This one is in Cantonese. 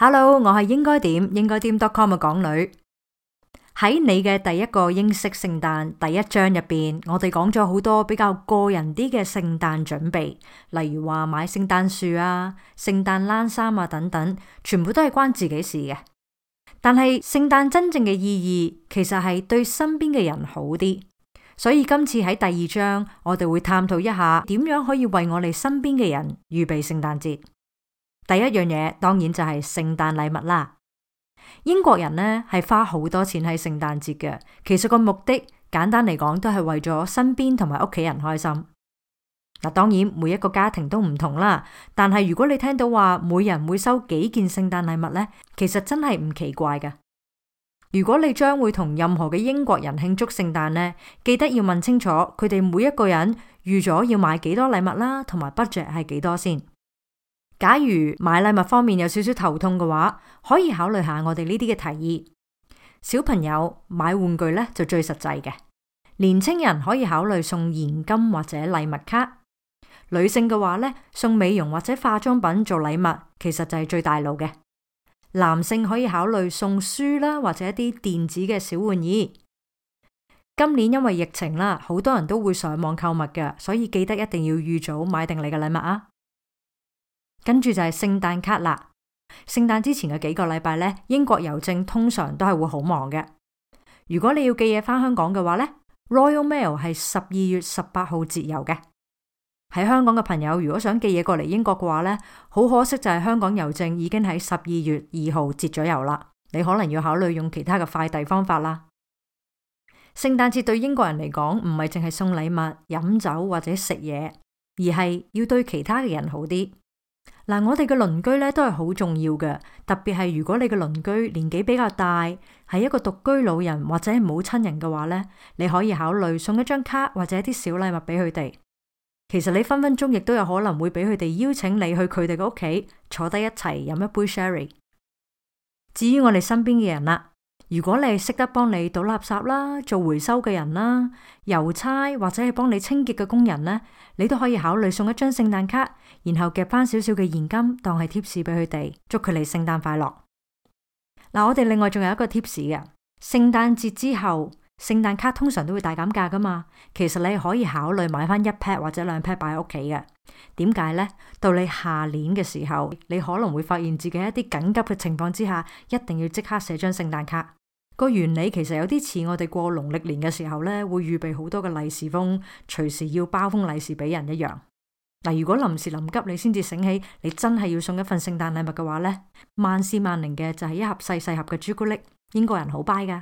Hello，我係應該點應該點 .com 嘅港女。喺你嘅第一個英式聖誕第一章入邊，我哋講咗好多比較個人啲嘅聖誕準備，例如話買聖誕樹啊、聖誕冷衫啊等等，全部都係關自己的事嘅。但係聖誕真正嘅意義，其實係對身邊嘅人好啲。所以今次喺第二章，我哋會探討一下點樣可以為我哋身邊嘅人預備聖誕節。第一樣嘢當然就係聖誕禮物啦。英國人呢係花好多錢喺聖誕節嘅，其實個目的簡單嚟講都係為咗身邊同埋屋企人開心。嗱，當然每一個家庭都唔同啦，但係如果你聽到話每人會收幾件聖誕禮物呢，其實真係唔奇怪㗎。如果你將會同任何嘅英國人慶祝聖誕呢，記得要問清楚佢哋每一個人預咗要買幾多禮物啦，同埋 budget 係幾多先。假如買禮物方面有少少頭痛嘅話，可以考慮下我哋呢啲嘅提議。小朋友買玩具呢，就最實際嘅。年輕人可以考慮送現金或者禮物卡。女性嘅話呢，送美容或者化妝品做禮物，其實就係最大路嘅。男性可以考慮送書啦或者一啲電子嘅小玩意。今年因為疫情啦，好多人都會上網購物嘅，所以記得一定要預早買定你嘅禮物啊！跟住就係聖誕卡啦，聖誕之前嘅幾個禮拜咧，英國郵政通常都係會好忙嘅。如果你要寄嘢返香港嘅話咧，Royal Mail 係十二月十八號截郵嘅。喺香港嘅朋友，如果想寄嘢過嚟英國嘅話咧，好可惜就係香港郵政已經喺十二月二號截咗郵啦。你可能要考慮用其他嘅快遞方法啦。聖誕節對英國人嚟講，唔係淨係送禮物、飲酒或者食嘢，而係要對其他嘅人好啲。嗱，我哋嘅鄰居咧都係好重要嘅，特別係如果你嘅鄰居年紀比較大，係一個獨居老人或者係冇親人嘅話咧，你可以考慮送一張卡或者一啲小禮物俾佢哋。其實你分分鐘亦都有可能會俾佢哋邀請你去佢哋嘅屋企坐低一齊飲一杯 sherry。至於我哋身邊嘅人啦。如果你係識得幫你倒垃圾啦、做回收嘅人啦、郵差或者係幫你清潔嘅工人咧，你都可以考慮送一張聖誕卡，然後夾翻少少嘅現金當係貼士俾佢哋，祝佢哋聖誕快樂。嗱、啊，我哋另外仲有一個貼士嘅，聖誕節之後，聖誕卡通常都會大減價噶嘛，其實你可以考慮買翻一 pad 或者兩 pad 擺喺屋企嘅。點解咧？到你下年嘅時候，你可能會發現自己喺一啲緊急嘅情況之下，一定要即刻寫張聖誕卡。個原理其實有啲似我哋過農曆年嘅時候咧，會預備好多嘅利是封，隨時要包封利是俾人一樣。嗱，如果臨時臨急，你先至醒起，你真係要送一份聖誕禮物嘅話咧，萬試萬靈嘅就係一盒細細盒嘅朱古力，英國人好 buy 噶。